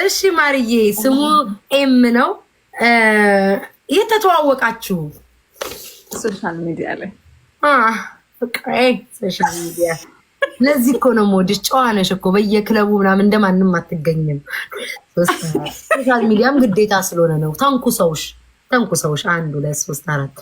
እሺ ማርዬ፣ ስሙ ኤም ነው። የት ተተዋወቃችሁ? ሶሻል ሚዲያ ላይ። ሶሻል ሚዲያ ለዚህ እኮ ነው የምወድሽ። ጨዋ ነሽ እኮ በየክለቡ ምናምን እንደማንም አትገኝም። ሶሻል ሚዲያም ግዴታ ስለሆነ ነው። ታንኩ ሰውሽ ተንኩ ሰውሽ አንድ ሁለት ሶስት አራት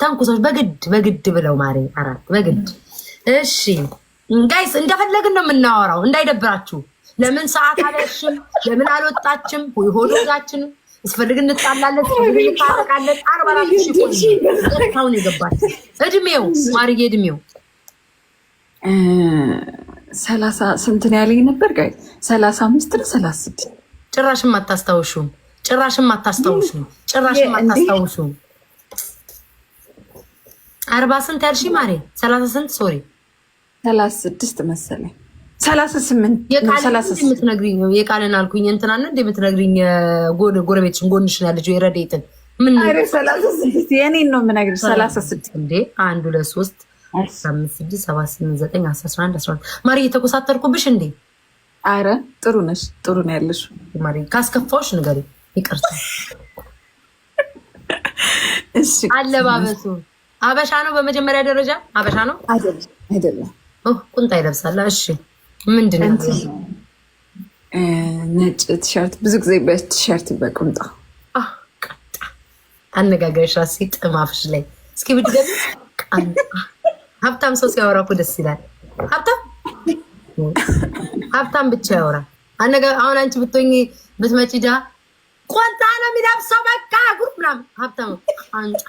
ተንኩ ሰዎች በግድ በግድ ብለው ማሬ አራት በግድ እሺ፣ ጋይስ እንደፈለግን ነው የምናወራው እንዳይደብራችሁ። ለምን ሰዓት አለሽም? ለምን አልወጣችም? ወይ ዛችን ስፈልግ እንጣላለን፣ ታረቃለን። አርባራሽሁን አራት እድሜው ማርዬ፣ እድሜው ሰላሳ ስንት ያለኝ ነበር? ጋይ ሰላሳ አምስት ነው ሰላሳ ስድስት ጭራሽም አታስታውሹም። ጭራሽም አታስታውሹም። ጭራሽም አታስታውሹም። አርባ ስንት ያልሽ ማሬ? ሰላሳ ስንት ሶሪ፣ ሰላሳ ስድስት መሰለኝ ሰላሳ ስምንት የምትነግሪኝ የቃልን አልኩኝ እንትናን እንደ የምትነግሪኝ ጎረቤትሽን ጎንሽን የረዴትን ነው እንዴ አንድ ሁለት ሶስት ስድስት ዘጠኝ ማሪ እየተኮሳተርኩብሽ እንዴ? አረ ጥሩ ነሽ፣ ጥሩ ነው ያለሽ ማሪ። ካስከፋዎች ንገሪ፣ ይቅርታ። አለባበሱ አበሻ ነው በመጀመሪያ ደረጃ አበሻ ነው አይደለም? ቁምጣ ይለብሳል። እሺ ምንድን ነው ነጭ ቲሸርት ብዙ ጊዜ በቲሸርት በቁምጣ አነጋገርሽ ራሴ ጥም ላይ እስኪ ብድገም። ሀብታም ሰው ሲያወራ እኮ ደስ ይላል። ሀብታም ሀብታም ብቻ ያወራ። አሁን አንቺ ብትኝ ብትመጪ ዳ ቆንጣ ነው የሚለብሰው በቃ ጉር ምናምን ሀብታም አንጫ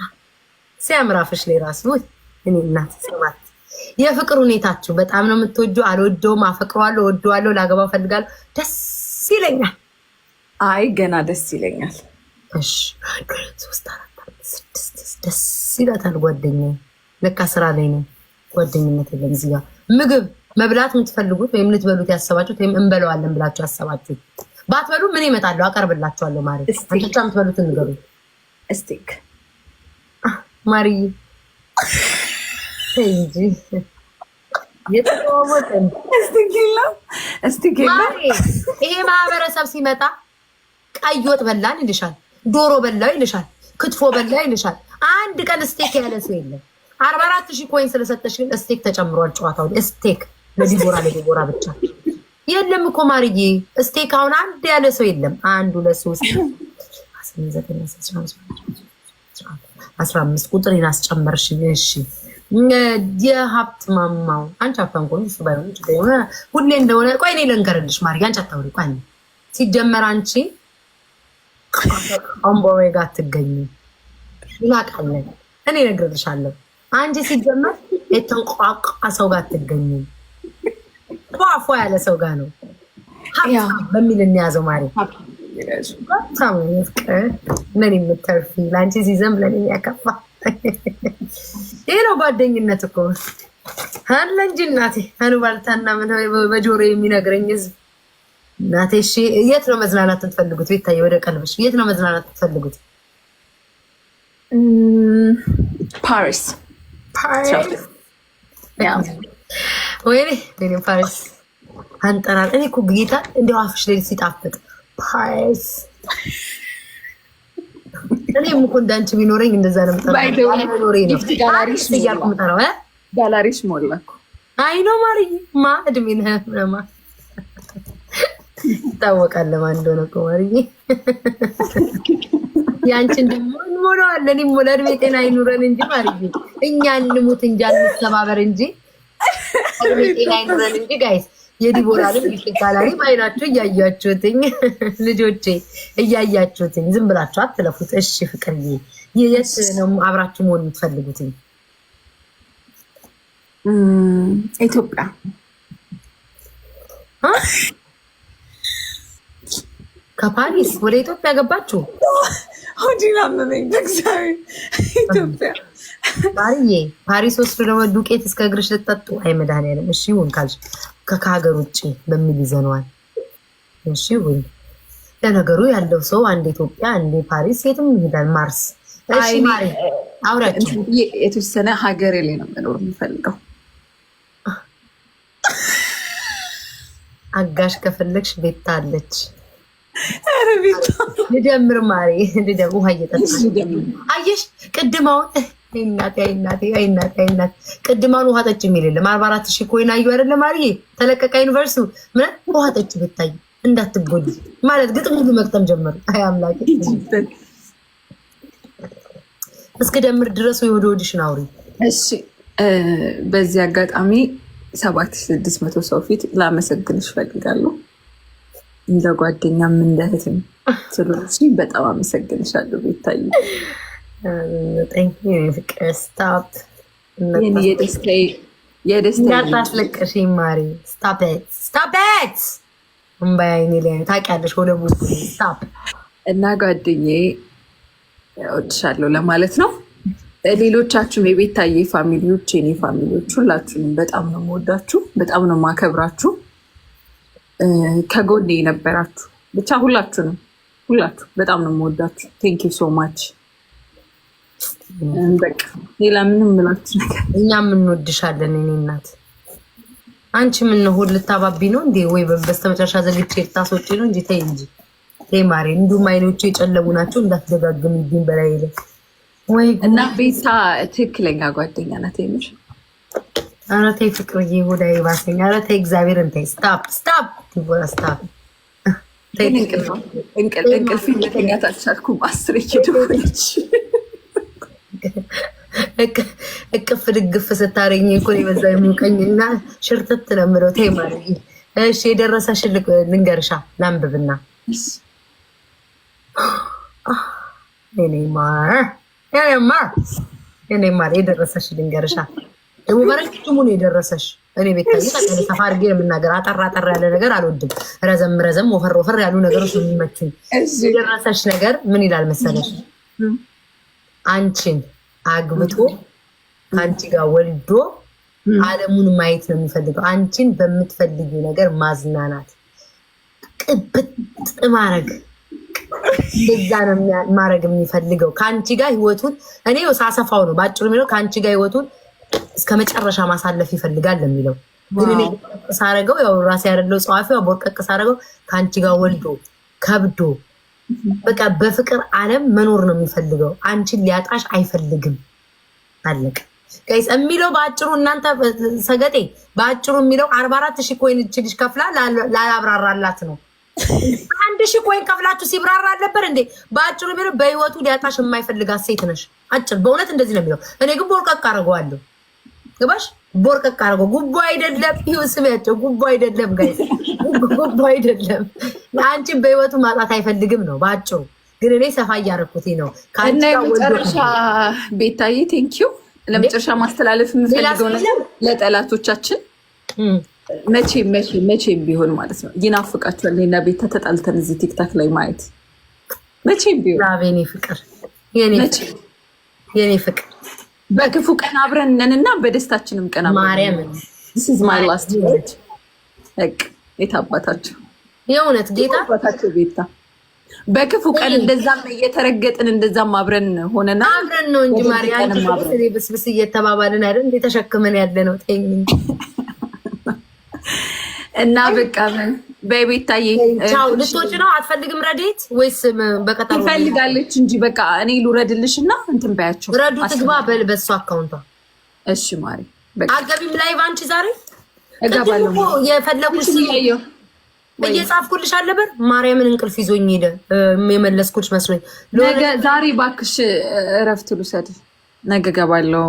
ሲያምር አፍሽ ላይ ራሱ እኔ እናት ሰማት የፍቅር ሁኔታችሁ በጣም ነው የምትወጁ። አልወደውም፣ አፈቅረዋለሁ፣ ወደዋለሁ፣ ላገባው ፈልጋለሁ። ደስ ይለኛል። አይ ገና ደስ ይለኛል። ደስ ይላታል። ጓደኛ ለካ ስራ ላይ ነው ጓደኝነት የለም እዚህ ምግብ መብላት የምትፈልጉት ወይም ልትበሉት ያሰባችሁት ወይም እንበለዋለን ብላችሁ ያሰባችሁት ባትበሉ ምን ይመጣለሁ አቀርብላችኋለሁ። ማሪ አንቶቻ ንገሩ ማሪዬ እንጂ የተዋወቅን ይሄ ማህበረሰብ ሲመጣ ቀይ ወጥ በላን ይልሻል፣ ዶሮ በላው ይልሻል፣ ክትፎ በላው ይልሻል። አንድ ቀን ስቴክ ያለ ሰው የለም። አርባ አራት ሺህ ኮይን ስለሰጠሽ ግን ስቴክ ተጨምሯል። ጨዋታው ስቴክ ለዲቦራ ለዲቦራ ብቻ የለም እኮ ማርዬ፣ ስቴክ አሁን አንድ ያለ ሰው የለም። አንድ ሁለት ሶስት አስራ አምስት ቁጥር አስጨመርሽኝ። እሺ የሀብት ማማው አንቺ ሀብታም ከሆነ እሱ ባይሆን ችግር የሆነ ሁሌ እንደሆነ ቆይ እኔ ልንገርልሽ ማርዬ፣ አንቺ አታውሪ። ቆይ ሲጀመር አንቺ አምቦሬ ጋር አትገኙ ይላቃለን። እኔ እነግርልሻለሁ። አንቺ ሲጀመር የተንቋቋ ሰው ጋር አትገኙ፣ ፏፏ ያለ ሰው ጋር ነው። ሀብታም በሚል እንያዘው ማርዬ ሀብታም ምን የምተርፊ ለአንቺ ሲዘንብ ለእኔ ያከፋ ይሄ ነው ጓደኝነት እኮ አለ እንጂ እናቴ አንባልታና ምን በጆሮ የሚነግረኝ ህዝብ እናቴ። እሺ የት ነው መዝናናት የምትፈልጉት? ቤታዬ ወደ ቀልብሽ፣ የት ነው መዝናናት የምትፈልጉት? ፓሪስ ፓሪስ። ወይኔ ወይኔ ፓሪስ አንጠራል። እኔ እኮ ጌታ እንዲያው አፍሽ ላይ ሲጣፍጥ ፓሪስ እኔም እኮ አንቺ ቢኖረኝ እንደዛ ነው እያልኩ ምጠራው ዳላሪሽ አይ ነው ማርዬ፣ ማ እድሜ ነህ ማ ይታወቃል ማን እንደሆነ እኮ ማርዬ። ያንቺን ደግሞ እንሞላዋለን። እኔም ሞላ እድሜ ጤና ይኑረን እንጂ ማርዬ፣ እኛ እንሙት እንጂ አንሰባበር እንጂ እድሜ ጤና ይኑረን እንጂ ጋይስ የዲቦራንም ይሻላልም አይናቸው እያያችሁትኝ ልጆቼ እያያችሁትኝ፣ ዝም ብላችሁ አትለፉት። እሺ ፍቅርዬ፣ የት ነው አብራችሁ መሆን የምትፈልጉትኝ? ኢትዮጵያ ከፓሪስ ወደ ኢትዮጵያ ገባችሁ? ሆዴን አመመኝ። በእግዚአብሔር ኢትዮጵያ ፓሪዬ፣ ፓሪስ ወስዶ ደግሞ ዱቄት እስከ እግርሽ ልጠጡ። አይ መድኃኒዓለም፣ እሺ ይሁን ካልሽ ከሀገር ውጭ በሚል ይዘነዋል። እሺ ወይ ለነገሩ ያለው ሰው አንድ ኢትዮጵያ አንድ ፓሪስ የትም ይሄዳል። ማርስ እሺ የተወሰነ ሀገር ላይ ነው መኖር የምፈልገው። አጋሽ ከፈለግሽ ቤታ አለች። ልደምር ማሪ ልደም ውሃ እየጠጣ አየሽ ቅድማውን አይናቴ አይናቴ አይናቴ አይናቴ ቅድማን ውሃ ጠጭ የሚል የለም። አርባ አራት ሺህ ኮይና እዩ አይደለ ማርዬ ተለቀቀ ዩኒቨርሲቲው ምናምን ውሃ ጠጭ ብታይ እንዳትጎድ ማለት ግጥም ሁሉ መቅጠም ጀመሩ። አይ አምላኬ እስከ ደምር ድረስ ወይ ወደ ወዲሽን አውሪ። እሺ በዚህ አጋጣሚ ሰባት ሺህ ስድስት መቶ ሰው ፊት ላመሰግንሽ እፈልጋለሁ። እንደ ጓደኛም እንደ እህትም ስለሆንሽ በጣም አመሰግንሻለሁ ቤታዬ። እና ጓደዬ እወድሻለሁ ለማለት ነው። ሌሎቻችሁም የቤታዬ ፋሚሊዎች፣ የኔ ፋሚሊዎች ሁላችሁንም በጣም ነው የምወዳችሁ፣ በጣም ነው የማከብራችሁ። ከጎኔ የነበራችሁ ብቻ ሁላችሁንም ሁላችሁ በጣም ነው የምወዳችሁ። ቴንኪው ሶ ማች ሌላ ምንም ምላችሁ ነገር እኛ እንወድሻለን። እኔ እናት አንቺ ምን ነው ሆድ ልታባቢ ነው እንዴ? ወይ በስተመጨረሻ ዘግቼ ልታስወጪ ነው እንጂ ተይ እንጂ ተይ ማሬ። እንዲሁም አይኖቹ የጨለሙ ናቸው እንዳትደጋግም ይብኝ በላይ ለ እና ቤታ ትክክለኛ ጓደኛ ናት የሚል ኧረ ተይ ፍቅርዬ፣ ሆዳ ይባሰኝ። ኧረ ተይ እግዚአብሔርን ተይ። ስታፕ ስታፕ ዲቦራ ስታፕ። እንቅልፍ እንቅልፍ መተኛት አልቻልኩም። አስር ኪዶ እቅፍ ድግፍ ስታረኝ እኮ የበዛ የሞቀኝ እና ሽርትት ነው የምለው። ተይ ማርዬ። እሺ የደረሰሽ ልንገርሻ ላንብብና ማር የደረሰሽ ልንገርሻ ደግሞ በረጅሙ ነው የደረሰሽ። እኔ ቤት ሰፋ አድርጌ ነው የምናገር። አጠር አጠር ያለ ነገር አልወድም። ረዘም ረዘም፣ ወፈር ወፈር ያሉ ነገሮች የሚመቹኝ። የደረሰሽ ነገር ምን ይላል መሰለሽ አንቺን አግብቶ ከአንቺ ጋር ወልዶ ዓለሙን ማየት ነው የሚፈልገው። አንቺን በምትፈልጊ ነገር ማዝናናት፣ ቅብጥ ማረግ እዛ ነው ማድረግ የሚፈልገው። ከአንቺ ጋር ህይወቱን እኔ ሳሰፋው ነው በአጭሩ የሚለው ከአንቺ ጋር ህይወቱን እስከ መጨረሻ ማሳለፍ ይፈልጋል የሚለው ግን እኔ ሳረገው ያው ራሴ ያደለው ጸዋፊ ቦርቀቅስ ሳረገው ከአንቺ ጋር ወልዶ ከብዶ በቃ በፍቅር አለም መኖር ነው የሚፈልገው። አንቺን ሊያጣሽ አይፈልግም። አለቀ ጋይስ። የሚለው በአጭሩ እናንተ ሰገጤ፣ በአጭሩ የሚለው አርባ አራት ሺህ ኮይን ችልሽ ከፍላ ላላብራራላት ነው። አንድ ሺህ ኮይን ከፍላችሁ ሲብራራ አልነበር እንዴ? በአጭሩ የሚለው በህይወቱ ሊያጣሽ የማይፈልጋት ሴት ነሽ። አጭር በእውነት እንደዚህ ነው የሚለው። እኔ ግን በወርቀቅ አድርገዋለሁ። ግባሽ ቦርቀቅ አድርጎ ጉቦ አይደለም። ይኸው ስሚያቸው፣ ጉቦ አይደለም ጋይ ጉቦ አይደለም። አንቺን በህይወቱ ማጣት አይፈልግም ነው በአጭሩ። ግን እኔ ሰፋ እያደረኩት ነው። እና የመጨረሻ ቤታዬ ቴንኪው። ለመጨረሻ ማስተላለፍ የምፈልገው ለጠላቶቻችን መቼም መቼም መቼም ቢሆን ማለት ነው ይናፍቃችኋል። እኔና ቤታ ተጣልተን እዚህ ቲክታክ ላይ ማየት መቼም ቢሆን የኔ ፍቅር የኔ ፍቅር በክፉ ቀን አብረን ነን እና በደስታችንም ቀን ማርያም ቤት አባታቸው የእውነት ጌታቸው ቤታ በክፉ ቀን እንደዛም እየተረገጥን እንደዛም አብረን ሆነና አብረን ነው እንጂ ማርያም ብስብስ እየተባባልን አይደል እንዴ ተሸክመን ያለ ነው። እና በቃ ቤቢ ይታየ ልትወጪ ነው? አትፈልግም? ረዴት ወይስ በቀጣ ትፈልጋለች? እንጂ በቃ እኔ ልውረድልሽ እና እንትን በያቸው ረዱ ትግባ በሱ አካውንቷ። እሺ ማሪ አገቢም ላይ ባንቺ ዛሬ እገባለሁ። የፈለኩሽ እየጻፍኩልሽ አለበር ማርያምን እንቅልፍ ይዞኝ ሄደ። የመለስኩልሽ መስሎኝ። ነገ ዛሬ ባክሽ እረፍት ልውሰድ። ነገ እገባለሁ።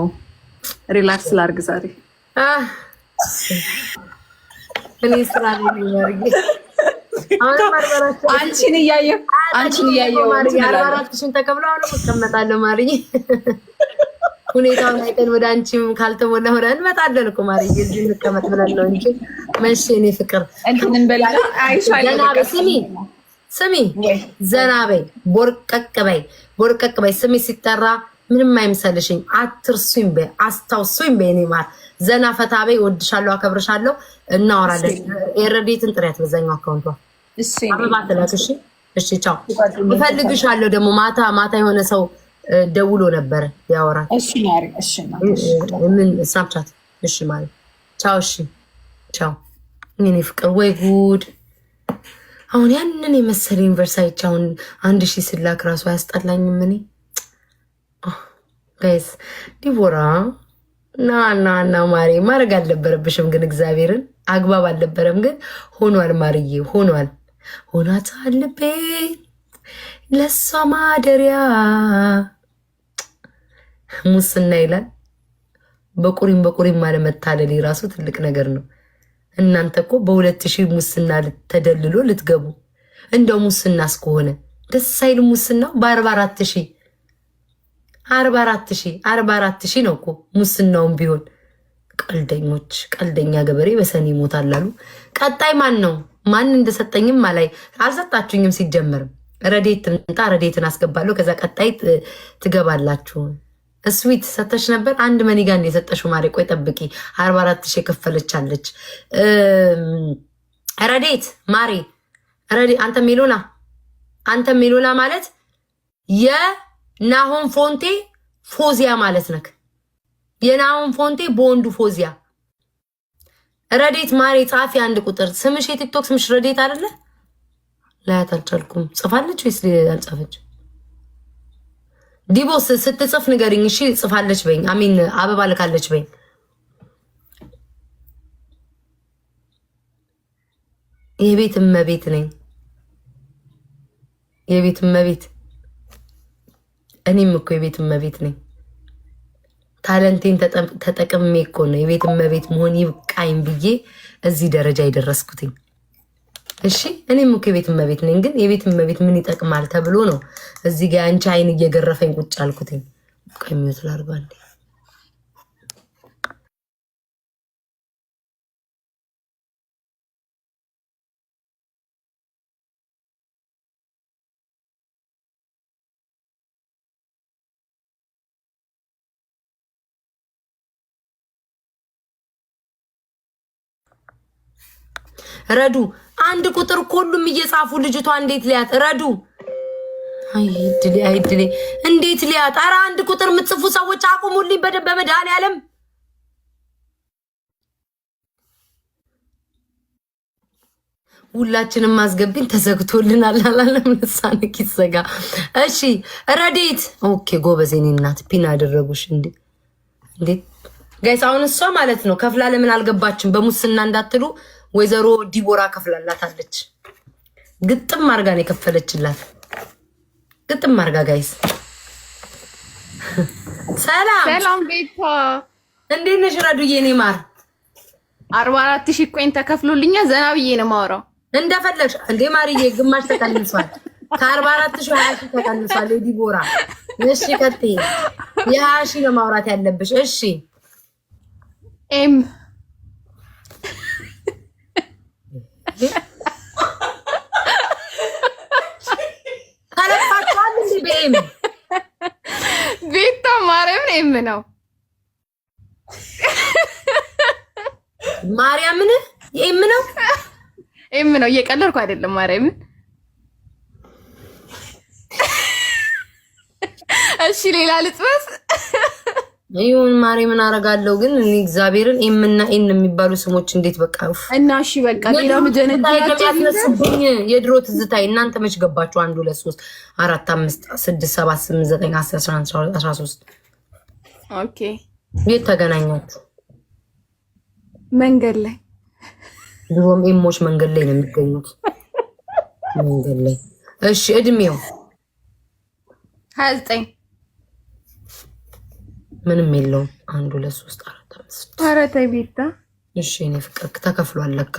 ሪላክስ ላርግ ዛሬ እኔ ስራ አንቺን እያየሁ አንቺን እያየሁ አርባራትሽን ተቀብለው አሁን እቀመጣለሁ። ማርዬ ሁኔታውን አይተን ወደ አንቺም ካልተሞላ ሆነ እንመጣለን እኮ ማርዬ፣ እዚህ እንቀመጥ ብለን ነው እንጂ መቼ እኔ ፍቅር ስሚ ስሚ፣ ዘና በይ ቦርቀቅ በይ ቦርቀቅ በይ ስሚ ሲጠራ ምንም አይምሰልሽኝ። አትርሱኝ በይ፣ አስታውሱኝ በይ። እኔ ማለት ዘና ፈታ በይ። እወድሻለሁ፣ አከብርሻለሁ። እናወራለን። የረዴትን ጥሪያት በዛኛው አካውንቷ አበባ ትላት። እሺ፣ እሺ፣ ቻው። እፈልግሻለሁ። ደግሞ ማታ ማታ የሆነ ሰው ደውሎ ነበረ ያወራል። እሺ፣ ማሪ፣ እሺ፣ ምን ስናፕቻት። እሺ፣ ማሪ፣ ቻው። እሺ፣ ቻው። እኔ ፍቅር፣ ወይ ጉድ! አሁን ያንን የመሰለ ዩኒቨርሳይች አንድ ሺህ ስላክ ራሱ አያስጠላኝም እኔ ጋይስ ዲቦራ ና ና ና ማሬ ማድረግ አልነበረብሽም፣ ግን እግዚአብሔርን አግባብ አልነበረም፣ ግን ሆኗል። ማርዬ ሆኗል፣ ሆኗታል ልቤ ለሷ ማደሪያ። ሙስና ይላል በቁሪም በቁሪም አለመታለል የራሱ ትልቅ ነገር ነው። እናንተ እኮ በሁለት ሺህ ሙስና ተደልሎ ልትገቡ እንደው ሙስና እስከሆነ ደስ አይል ሙስናው በአርባ አራት ሺህ አርባ አራት ሺ አርባ አራት ሺ ነው እኮ ሙስናውም ቢሆን ቀልደኞች። ቀልደኛ ገበሬ በሰኔ ይሞታል አሉ። ቀጣይ ማን ነው? ማን እንደሰጠኝም አላይ አልሰጣችሁኝም። ሲጀመርም ረዴት ትምጣ፣ ረዴትን አስገባለሁ። ከዛ ቀጣይ ትገባላችሁ። ስዊት ሰተሽ ነበር። አንድ መኒጋ የሰጠሽው ማሬ፣ ቆይ ጠብቂ። አርባ አራት ሺ የከፈለቻለች ረዴት ማሬ፣ አንተ ሜሎላ፣ አንተ ሜሎላ ማለት የ ናሆን ፎንቴ ፎዚያ ማለት ነክ የናሆን ፎንቴ በወንዱ ፎዚያ ረዴት ማሬ ጻፊ አንድ ቁጥር ስምሽ የቲክቶክ ስምሽ ረዴት አይደለ? ላያት አልቻልኩም። ጽፋለች ወይስ አልጻፈች? ዲቦስ ስትጽፍ ንገሪኝ እሺ። ጽፋለች በኝ አሚን አበባ ልካለች በኝ የቤት እመቤት ነኝ። የቤት እመቤት እኔም እኮ የቤት እመቤት ነኝ። ታለንቴን ተጠቅሜ እኮ ነው የቤት እመቤት መሆን ይብቃኝ ብዬ እዚህ ደረጃ የደረስኩትኝ። እሺ እኔም እኮ የቤት እመቤት ነኝ፣ ግን የቤት እመቤት ምን ይጠቅማል ተብሎ ነው እዚህ ጋ አንቺ አይን እየገረፈኝ ቁጭ አልኩትኝ። ቀሚዮት ላርባንዴ ረዱ። አንድ ቁጥር ሁሉም እየጻፉ ልጅቷ እንዴት ሊያት ረዱ። አይድሌ አይድሌ፣ እንዴት ሊያት? ኧረ አንድ ቁጥር የምትጽፉ ሰዎች አቁሙልኝ በመድኃኒዓለም ሁላችንም ማስገብኝ ተዘግቶልናል አላለም። ልሳን ይዘጋ። እሺ ረዴት ኦኬ። ጎበዜኔ እናት ፒን አደረጉሽ እንዴ እንዴ! ጋይስ አሁን እሷ ማለት ነው ከፍላ ለምን አልገባችም በሙስና እንዳትሉ ወይዘሮ ዲቦራ ከፍላላታለች። ግጥም አርጋ ነው የከፈለችላት። ግጥም አርጋ ጋይስ ሰላም ሰላም፣ ቤታ እንዴት ነሽ? ረዱዬ እኔ ማር አርባ አራት ሺህ ቆይን ተከፍሎልኛ ዘና ብዬ ነው የማወራው። እንደፈለግሽ እንዴ ማርዬ፣ ግማሽ ተቀንሷል። ከአርባ አራት ሺህ ሀያ ሺህ ተቀንሷል። የዲቦራ እሺ፣ ቀጥይ የሀያ ሺህ ነው ማውራት ያለብሽ። እሺ ኤም ቤታ ማርያምን ኤም ነው ማርያምን ኤም ነው ኤም ነው። እየቀለድኩ አይደለም። ማርያምን እሺ፣ ሌላ ልጥበስ ይሁን ማሬ፣ ምን አረጋለው? ግን እኔ እግዚአብሔርን ኤምና ኤን የሚባሉ ስሞች እንዴት በቃ እና እሺ፣ በቃ ሌላ ምጀነዳያስብኝ የድሮ ትዝታይ። እናንተ መች ገባችሁ? አንድ ሁለት ሶስት አራት አምስት ስድስት ሰባት ስምንት ዘጠኝ አስር አስራ አንድ አስራ ሶስት ኦኬ። የት ተገናኛችሁ? መንገድ ላይ። ድሮም ኤሞች መንገድ ላይ ነው የሚገኙት። መንገድ ላይ እሺ። እድሜው ሀያ ዘጠኝ ምንም የለውም። አንድ ሁለት ሶስት አራት አምስት ኧረ ተይ ቤታ። እሺ እኔ ፍቅር ተከፍሏል ለካ።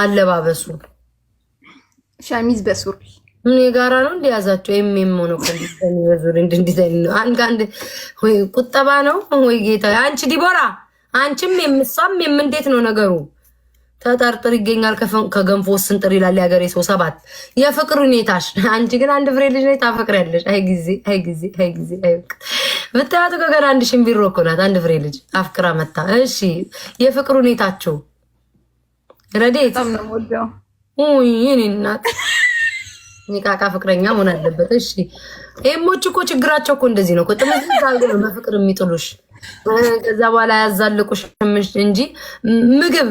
አለባበሱ ሸሚዝ በሱሪ እኔ ጋራ ነው እንደያዛቸው ወይም ሆኖ ኮንዲሽን በዙሪ እንድንዲዛይን ነው። አንድ አንድ ወይ ቁጠባ ነው ወይ ጌታ። አንቺ ዲቦራ፣ አንቺም የምሷም የም እንዴት ነው ነገሩ? ተጠርጥር ይገኛል ከገንፎ ስንጥር ይላል የሀገሬ ሰው። ሰባት የፍቅር ሁኔታሽ። አንቺ ግን አንድ ፍሬ ልጅ ነች፣ ታፈቅሪያለሽ። አይ ጊዜ አይ ጊዜ አይ ጊዜ አይ ወቅት ብታያት እኮ ገና አንድ ሽንቢሮ እኮ ናት። አንድ ፍሬ ልጅ አፍቅራ መታ። እሺ የፍቅር ሁኔታችሁ ረዴት ይኔ እናት ቃቃ ፍቅረኛ መሆን አለበት። እሺ ይህሞች እኮ ችግራቸው እኮ እንደዚህ ነው። ጥምዝ በፍቅር የሚጥሉሽ ከዛ በኋላ ያዛልቁሽ እንጂ ምግብ